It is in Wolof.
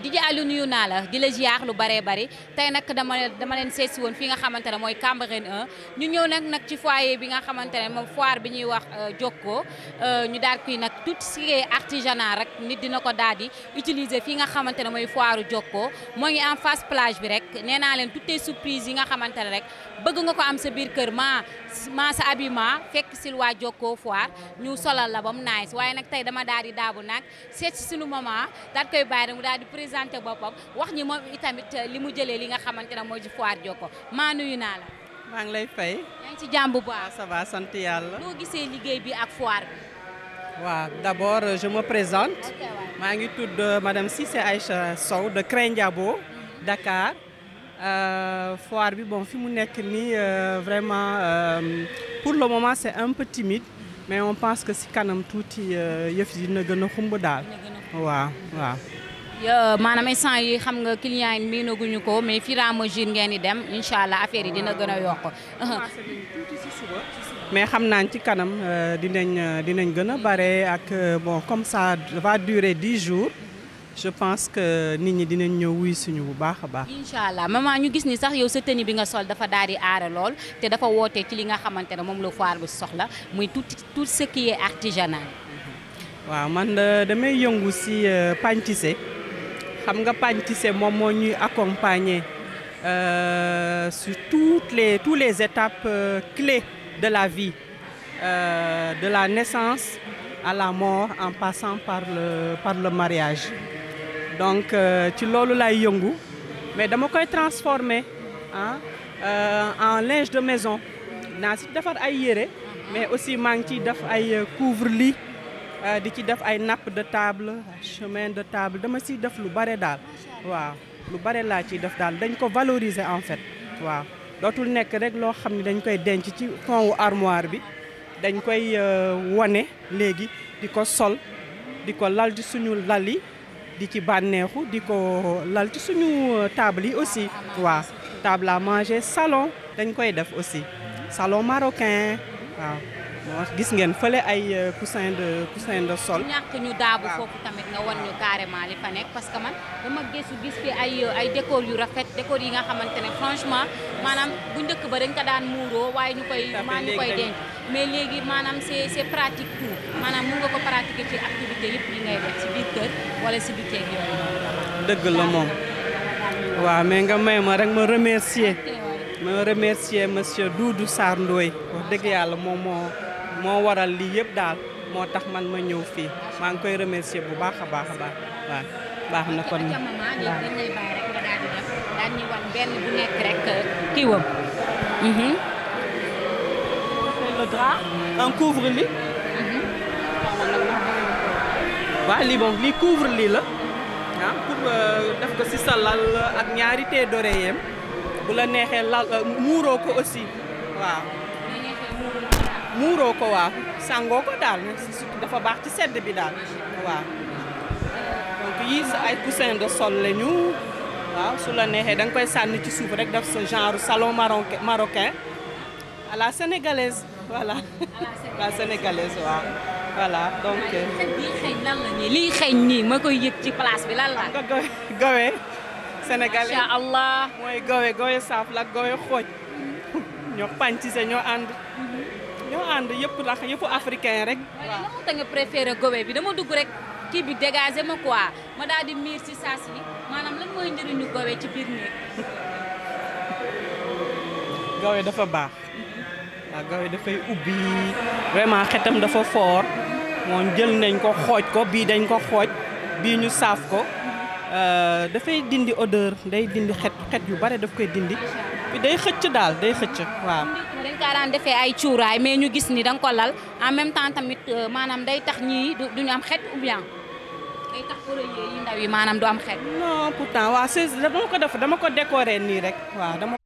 DJ Aliou nuyu naa la di la lu baree bari tey nag dama dama leen seetsi woon fii nga xamante ne mooy Cambérène 1 ñu nag nag ci foyer bi nga xamante ne moom foire bi ñuy wax euh, Jokko euh, ñu daal kuy nag tout ce qui est artisanat rek nit dina ko daal di utiliser fii nga xamante ne mooy foire Jokko moo ngi en face plage bi rek nee naa leen toutes les surprises yi nga xamante ne rek ko am sa biir kër maa maa sa fekk si waa Jokko foire ñu solal la ba mu waaye nag tey dama daal di daabu nag seet si suñu maman daal koy bàyyi rek mu daal di présenté boppam wax ñi moom itamit euh, li mu jëlee li nga xamante ne mooy ci foire Jokko maa nuyu naa la. maa ngi lay fay. yaa ngi ci jàmm bu baax. Ah, ça va sant gisee liggéey bi ak foire waaw d' abord je me présente. maa ngi tudd euh, madame ay Aïcha Sow de Crendiabo mhm. Dakar. Euh, foire bi bon fi mu nekk nii vraiment pour le moment c' est timide mais on pense que si kanam tuuti yëf yi dina gën a xumb daal waaw waaw. maanaam instant yi xam nga client yi miinaguñu ko mais fur et à mesure ngeen di dem incha allah affaire yi dina gën a yokk. mais xam naa ci kanam euh, dinañ euh, dinañ gën a bare ak euh, bon comme ça va durer dix jours. je pense que nit ñi dinañ ñëw wuy suñu bu baax a baax. incha allah maman ñu gis ni sax yow sa tenue bi nga sol dafa daal di aare lool te dafa woote ci li nga xamante ne moom la foire bu soxla muy tout tout ce qui est artisanal. waaw man damay yëngu si pâtisserie. xam nga Pagne Tissé moom moo ñuy accompagner euh, sur toutes les toutes les étapes euh, clés de la vie euh, de la naissance à la mort en passant par le par le mariage donc euh, ci loolu lay yëngu mais dama koy transformer ah en linge de maison naa si defar ay yére mais aussi maa ngi ciy def ay euh, couvre-lit Euh, di ci def ay nappe de table chemin de table dama siy def lu bare daal waaw lu bare laa ciy def daal dañ ko valoriser en fait waaw dootul nekk rek loo xam ne dañ koy denc ci fond wu armoire bi dañ koy euh, wane léegi di ko sol di ko lal ci suñu lal yi di ci bànneexu di ko lal ci suñu euh, table yi aussi waaw table à manger salon dañ koy def aussi salon marokin waaw moo gis ngeen fële ay euh, coussin de coussin de sol. ñàkk ñu daabu foofu tamit nga wan ñu carrément li fa nekk parce que man dama gëstu gis fi ay euh, décor yu rafet décor yi nga xamante ne franchement maanaam bu njëkk ba dañ daan muuroo waaye ñu koy. maa ñu koy denc mais léegi maanaam c'est pratique tout maanaam mun nga ko pratiquer ci activité yëpp yi ngay def biir kër wala si biir teeg yooyu. dëgg la moom. waaw mais nga may ma rek ma remercier ma remercier yàlla moom moo. moo waral lii yépp daal moo tax man ma ñëw fii maa ngi koy remercier bu baax a baax a baax baax na kon waaw euh, mhm. le drap un mhm. lii moom lii la ah pour euh, def ko ci sa lal ak ñaari tee d'oreiller bu la neexee lal euh, muuroo ko aussi waaw muuroo ko waaw sangoo ko daal surtout dafa baax ci sedd bi daal waaw donc yii sa ay coussin de sol lañu waaw su la neexee danga koy sànni ci suuf rek def sa genre salon marocain à la sénégalaise voilà la sénégalaise waaw euh, nii lii xeeñ nii ma koy yëg ci place bi lan la. nga go gowe sénégalais macha allah mooy gowe gowe saaf la gowe xooj ñoo pànc se ñoo ànd. ñoo ànd yëpp ndax yëpp africain rek. waaw lan moo tax nga bi dama dugg rek kii bi dégagé ma quoi ma daal di miir si saas yi maanaam lan mooy njëriñu gobe ci biir néeg. gobe dafa baax. waaw gobe dafay ubbi vraiment xetam dafa foor moom jël nañ ko xooj ko bii dañ ko xooj bii ñu saaf ko euh, dafay dindi odeur day dindi xet xet yu bare daf koy dindi. bi day xëcc daal day xëcc waaw. dañ kaa daan defee ay cuuraay mais ñu gis ni danga ko lal en même temps tamit euh, maanaam day tax ñii du ñu am xet ou day tax yi ndaw yi maanaam du am xet. non pourtant waaw c'est dama ko def dama ko décorer nii rek waaw